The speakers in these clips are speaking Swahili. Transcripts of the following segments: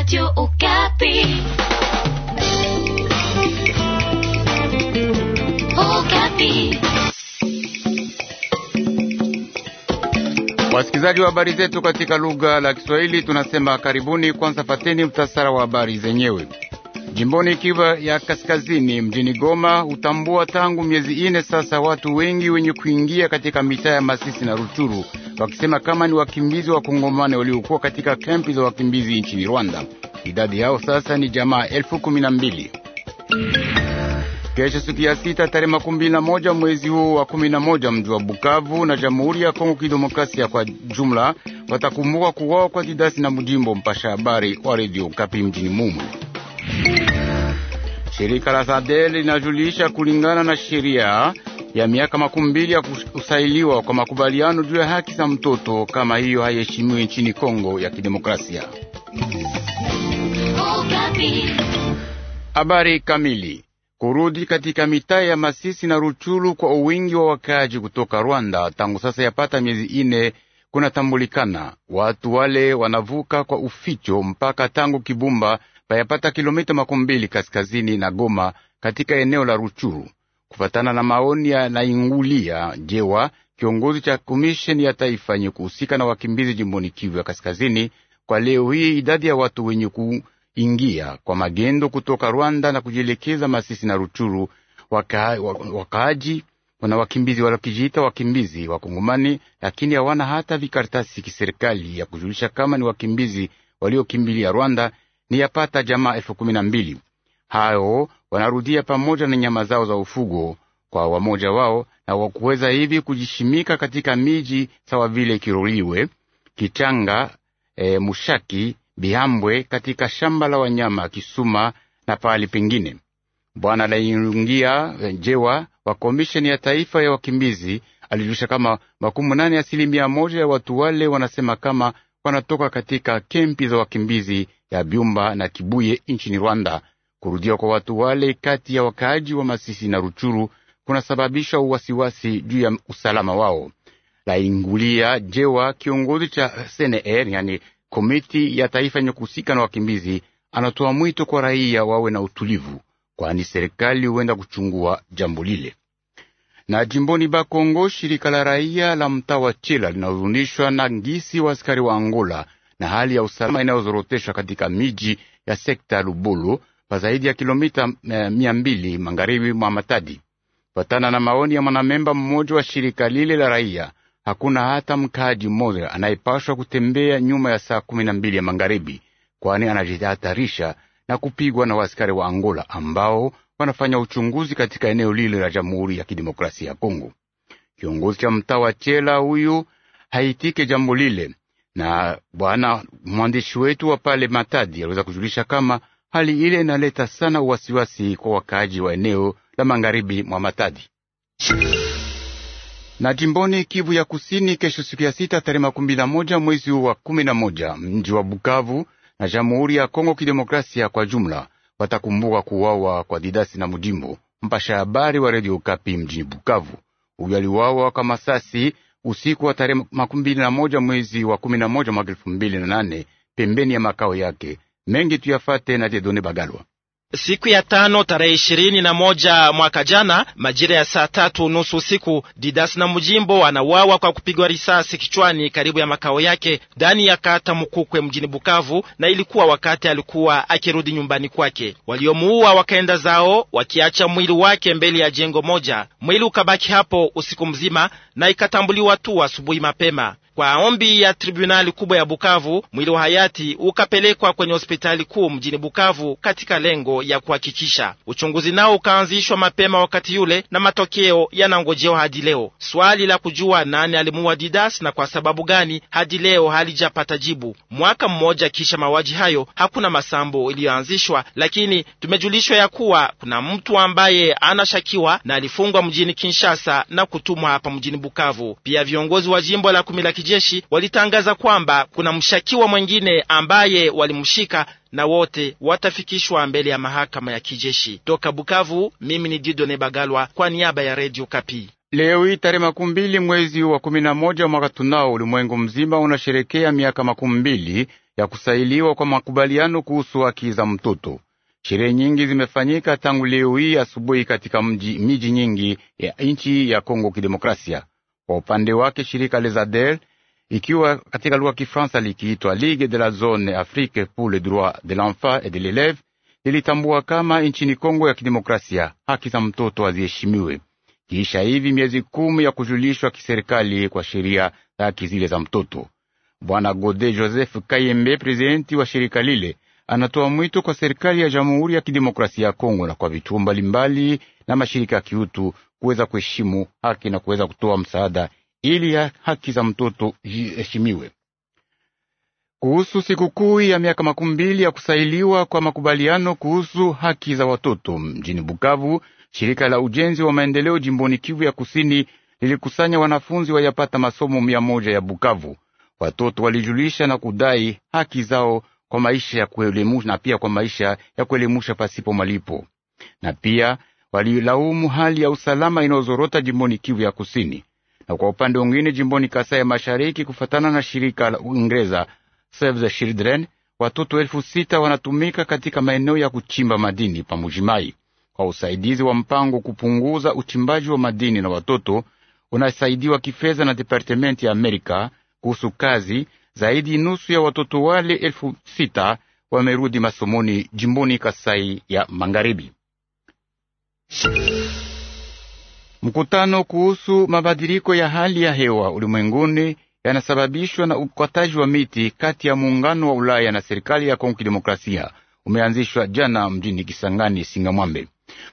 Radio Okapi. Okapi. Wasikilizaji wa habari zetu katika lugha la Kiswahili tunasema karibuni. Kwanza fateni mtasara wa habari zenyewe. Jimboni Kiva ya Kaskazini, mjini Goma hutambua tangu miezi ine sasa watu wengi wenye kuingia katika mitaa ya Masisi na Ruchuru wakisema kama ni wakimbizi wa Kongomane waliokuwa katika kempi za wakimbizi nchini Rwanda. Idadi yao sasa ni jamaa elfu kumi na mbili. Kesho siku ya sita tarehe makumi mbili na moja mwezi huu wa kumi na moja mji wa Bukavu na Jamhuri ya Kongo Kidemokrasia kwa jumla watakumbuka kuwawa kwa Didasi na Mujimbo, mpasha habari wa redio Kapi mjini Mumu. Shirika la Sadel linajulisha kulingana na sheria ya miaka makumi mbili ya kusailiwa kwa makubaliano juu ya haki za mtoto kama hiyo haiheshimiwi nchini Kongo ya Kidemokrasia. Habari kamili. Kurudi katika mitaa ya Masisi na Ruchuru kwa uwingi wa wakaaji kutoka Rwanda tangu sasa yapata miezi ine kunatambulikana. Watu wale wanavuka kwa uficho mpaka tangu Kibumba payapata kilomita makumi mbili kaskazini na Goma katika eneo la Ruchuru, kufatana na maoni ya Naingulia Jewa, kiongozi cha komisheni ya taifa yenye kuhusika na wakimbizi jimboni Kivu ya Kaskazini. Kwa leo hii idadi ya watu wenye kuingia kwa magendo kutoka Rwanda na kujielekeza Masisi na Ruchuru, waka, wakaaji wana wakimbizi walokijiita wakimbizi Wakongomani, lakini hawana hata vikaratasi kiserikali ya kujulisha kama ni wakimbizi waliokimbilia Rwanda ni yapata jamaa elfu kumi na mbili. Hao wanarudia pamoja na nyama zao za ufugo kwa wamoja wao na wakuweza hivi kujishimika katika miji sawa vile Kiruliwe, Kichanga, e, Mushaki, Bihambwe, katika shamba la wanyama Kisuma na pahali pengine. Bwana laiungia Jewa wa komisheni ya taifa ya wakimbizi alijulisha kama makumi nane asilimia moja ya watu wale wanasema kama wanatoka katika kempi za wakimbizi ya Byumba na Kibuye nchini Rwanda. Kurudia kwa watu wale kati ya wakaaji wa Masisi na Ruchuru kunasababisha uwasiwasi juu ya usalama wao. Laingulia Jewa, kiongozi cha CNR, yani komiti ya taifa yenye kuhusika na wakimbizi, anatoa mwito kwa raia wawe na utulivu, kwani serikali huenda kuchungua jambo lile. Na jimboni Bakongo, shirika la raia la mtaa wa Chela linahuzunishwa na ngisi wa askari wa Angola na hali ya usalama inayozoroteshwa katika miji ya sekta Lubulu pa zaidi ya kilomita eh, mia mbili magharibi mwa Matadi. Patana na maoni ya mwanamemba mmoja wa shirika lile la raia, hakuna hata mkaaji mmoja anayepashwa kutembea nyuma ya saa kumi na mbili ya magharibi, kwani anajihatarisha na kupigwa na wasikari wa Angola ambao wanafanya uchunguzi katika eneo lile la Jamhuri ya Kidemokrasia ya Kongo. Kiongozi cha mtaa wa Chela huyu haitike jambo lile na bwana mwandishi wetu wa pale Matadi aliweza kujulisha kama hali ile inaleta sana uwasiwasi kwa wakaaji wa eneo la magharibi mwa Matadi na jimboni Kivu ya Kusini. Kesho siku ya sita tarehe makumi na moja mwezi wa kumi na moja mji wa Bukavu na Jamhuri ya Kongo Kidemokrasia kwa jumla watakumbuka kuwawa kwa Didasi na Mujimbo, mpasha habari wa redio Kapi mjini Bukavu. Huyu aliwawa kwa masasi usiku wa tarehe makumi mbili na moja mwezi wa kumi na moja mwaka elfu mbili na nane pembeni ya makao yake. Mengi tuyafate na Jedone Bagalwa. Siku ya tano tarehe ishirini na moja mwaka jana majira ya saa tatu nusu usiku, Didas na Mujimbo anauawa kwa kupigwa risasi kichwani karibu ya makao yake ndani ya kata Mukukwe mjini Bukavu, na ilikuwa wakati alikuwa akirudi nyumbani kwake. Waliomuua wakaenda zao wakiacha mwili wake mbele ya jengo moja. Mwili ukabaki hapo usiku mzima na ikatambuliwa tu asubuhi mapema. Kwa ombi ya tribunali kubwa ya Bukavu, mwili wa hayati ukapelekwa kwenye hospitali kuu mjini Bukavu katika lengo ya kuhakikisha uchunguzi nao ukaanzishwa mapema wakati yule, na matokeo yanangojewa hadi leo. Swali la kujua nani alimuua Didas na kwa sababu gani hadi leo halijapata jibu. Mwaka mmoja kisha mauaji hayo, hakuna masambo iliyoanzishwa, lakini tumejulishwa ya kuwa kuna mtu ambaye anashakiwa na alifungwa mjini Kinshasa na kutumwa hapa mjini Bukavu. Pia viongozi wa jimbo la kumi la kijeshi walitangaza kwamba kuna mshakiwa mwingine ambaye walimshika na wote watafikishwa mbele ya mahakama ya kijeshi. Toka Bukavu, mimi ni Didone Bagalwa kwa niaba ya Radio Kapi. Leo hii tarehe makumi mbili mwezi wa kumi na moja mwaka tunao, ulimwengu mzima unasherekea miaka makumi mbili ya kusailiwa kwa makubaliano kuhusu haki za mtoto. Sherehe nyingi zimefanyika tangu leo hii asubuhi katika mji, miji nyingi ya nchi ya Kongo Kidemokrasia. Kwa upande wake shirika Lezadel ikiwa katika lugha ya Kifaransa likiitwa Ligue de la Zone Afrique pour le droit de l'enfant et de l'élève, lilitambua kama nchini Kongo ya Kidemokrasia haki za mtoto haziheshimiwe kisha hivi miezi kumi ya kujulishwa kiserikali kwa sheria za haki zile za mtoto. Bwana Gode Joseph Kayembe, prezidenti wa shirika lile, anatoa mwito kwa serikali ya Jamhuri ya Kidemokrasia ya Kongo na kwa vituo mbalimbali na mashirika ya kiutu kuweza kuheshimu haki na kuweza kutoa msaada ili ya haki za mtoto ziheshimiwe. Kuhusu sikukuu ya miaka makumi mbili ya kusailiwa kwa makubaliano kuhusu haki za watoto mjini Bukavu, shirika la ujenzi wa maendeleo jimboni Kivu ya Kusini lilikusanya wanafunzi wayapata masomo mia moja ya Bukavu. Watoto walijulisha na kudai haki zao kwa maisha ya kuelimusha na pia kwa maisha ya kuelimusha pasipo malipo, na pia walilaumu hali ya usalama inayozorota jimboni Kivu ya Kusini na kwa upande mwingine jimboni Kasai ya Mashariki, kufatana na shirika la Uingereza Save the Children, watoto elfu sita wanatumika katika maeneo ya kuchimba madini pamujimai kwa usaidizi wa mpango kupunguza uchimbaji wa madini na watoto unasaidiwa kifedha na departementi ya Amerika kuhusu kazi. Zaidi nusu ya watoto wale elfu sita wamerudi masomoni jimboni Kasai ya Magharibi. Mkutano kuhusu mabadiliko ya hali ya hewa ulimwenguni yanasababishwa na ukwataji wa miti kati ya muungano wa Ulaya na serikali ya Kongo Kidemokrasia umeanzishwa jana mjini Kisangani, Singamwambe.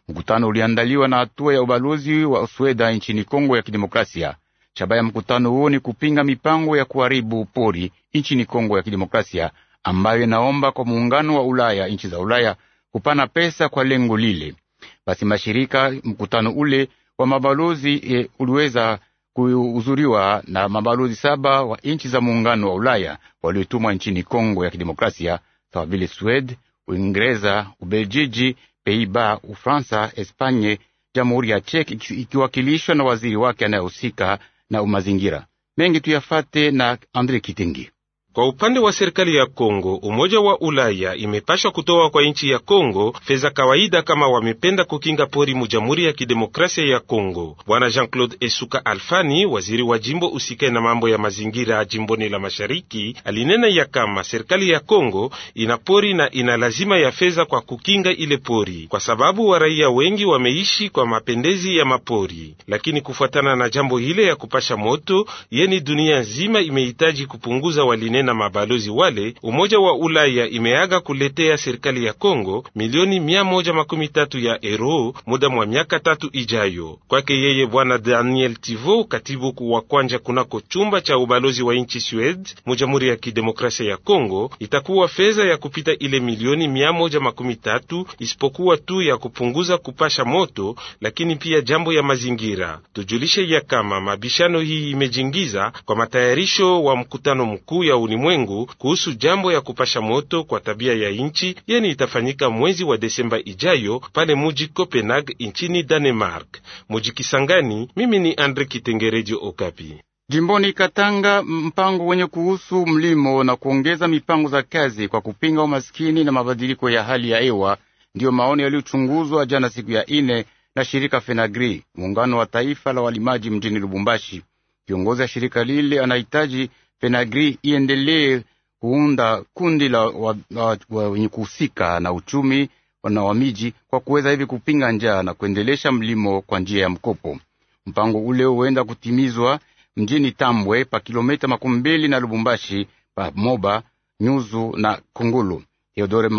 Mkutano uliandaliwa na hatua ya ubalozi wa Sweda nchini Kongo ya Kidemokrasia. Shabaha ya mkutano huo ni kupinga mipango ya kuharibu pori nchini Kongo ya Kidemokrasia, ambayo inaomba kwa muungano wa Ulaya, nchi za Ulaya kupana pesa kwa lengo lile. Basi mashirika mkutano ule wa mabalozi e, uliweza kuhudhuriwa na mabalozi saba wa nchi za muungano wa Ulaya waliotumwa nchini Kongo ya Kidemokrasia, sawa vile Swed, Uingereza, Ubeljiji, Peiba, Ufransa, Espanye, Jamhuri ya Czech ikiwakilishwa na waziri wake anayehusika na umazingira. Mengi tuyafate na Andre Kitengi. Kwa upande wa serikali ya Kongo, Umoja wa Ulaya imepashwa kutoa kwa nchi ya Kongo fedha kawaida kama wamependa kukinga pori mu Jamhuri ya Kidemokrasia ya Kongo. Bwana Jean-Claude Esuka Alfani, waziri wa jimbo usikae na mambo ya mazingira jimboni la Mashariki, alinena ya kama serikali ya Kongo ina pori na ina lazima ya fedha kwa kukinga ile pori, kwa sababu waraia wengi wameishi kwa mapendezi ya mapori. Lakini kufuatana na jambo hile ya kupasha moto yeni dunia nzima imehitaji kupunguza walinena na mabalozi wale, Umoja wa Ulaya imeaga kuletea serikali ya Kongo milioni mia moja makumi tatu ya ero muda mwa miaka tatu ijayo. Kwake yeye Bwana Daniel Tivo, katibu wa kwanja kunako chumba cha ubalozi wa nchi Swed mu Jamhuri ya Kidemokrasia ya Kongo, itakuwa fedha ya kupita ile milioni mia moja makumi tatu isipokuwa tu ya kupunguza kupasha moto, lakini pia jambo ya mazingira. Tujulishe ya kama mabishano hii imejingiza kwa matayarisho wa mkutano mkuu ya ulimwengu kuhusu jambo ya kupasha moto kwa tabia ya nchi yani itafanyika mwezi wa Desemba ijayo pale muji Copenhague nchini Danemark. Muji Kisangani, mimi ni Andre Kitengereji, Okapi. Jimboni Katanga, mpango wenye kuhusu mlimo na kuongeza mipango za kazi kwa kupinga umaskini na mabadiliko ya hali ya hewa ndiyo maoni yaliyochunguzwa jana siku ya ine na shirika Fenagri, muungano wa taifa la walimaji mjini Lubumbashi. Kiongozi ya shirika lile anahitaji Penagri iendelee kuunda kundi la wenye kuhusika na uchumi na wa miji kwa kuweza hivi kupinga njaa na kuendelesha mlimo kwa njia ya mkopo. Mpango ule huenda kutimizwa mjini Tambwe pa kilomita makumi mbili na Lubumbashi pa Moba, Nyuzu na Kungulu. Theodore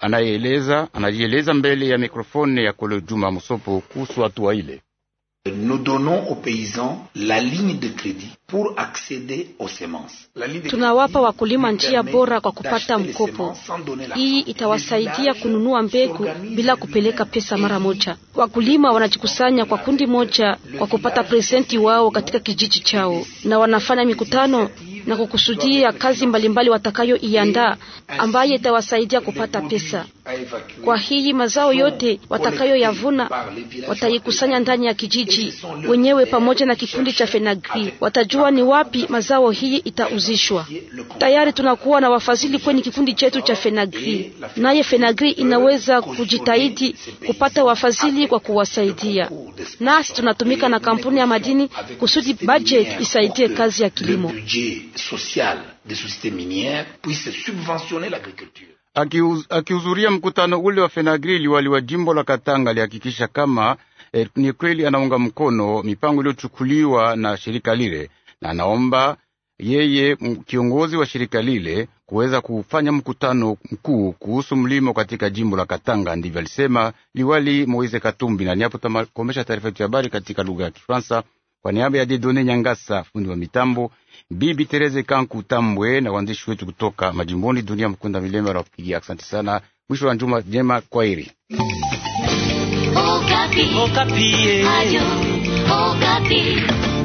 anayeeleza anajieleza mbele ya mikrofoni ya Kolo Juma Musopo kuhusu hatua ile nous donnons aux paysans la ligne de crédit pour accéder aux semences. Tunawapa wakulima njia bora kwa kupata mkopo. Hii itawasaidia kununua mbegu bila kupeleka pesa mara moja. Wakulima wanajikusanya kwa kundi moja kwa kupata presenti wao katika kijiji chao, na wanafanya mikutano na kukusudia kazi mbalimbali watakayoiandaa ambaye itawasaidia kupata pesa. Kwa hii mazao yote watakayoyavuna wataikusanya ndani ya kijiji wenyewe, pamoja na kikundi cha Fenagri watajua ni wapi mazao hii itauzishwa. Tayari tunakuwa na wafadhili kwenye kikundi chetu cha Fenagri, naye Fenagri inaweza kujitahidi kupata wafadhili kwa kuwasaidia, nasi tunatumika na kampuni ya madini kusudi budget isaidie kazi ya kilimo. Akihudhuria mkutano ule wa Fenagrili wali wa jimbo la Katanga alihakikisha kama eh, ni kweli anaunga mkono mipango iliyochukuliwa na shirika lile, na anaomba yeye kiongozi wa shirika lile kuweza kufanya mkutano mkuu kuhusu mlimo katika jimbo la Katanga. Ndivyo alisema liwali Moise Katumbi, na niapo tamakomesha taarifa yetu ya habari katika lugha ya Kifaransa. Kwa niaba ya Dedone Nyangasa, fundi wa mitambo, Bibi Tereze Kanku Tambwe na waandishi wetu kutoka majimboni, Dunia Mkunda Milema wanakupigia asante sana. Mwisho wa njuma jema, kwaheri. Okapi. Okapi.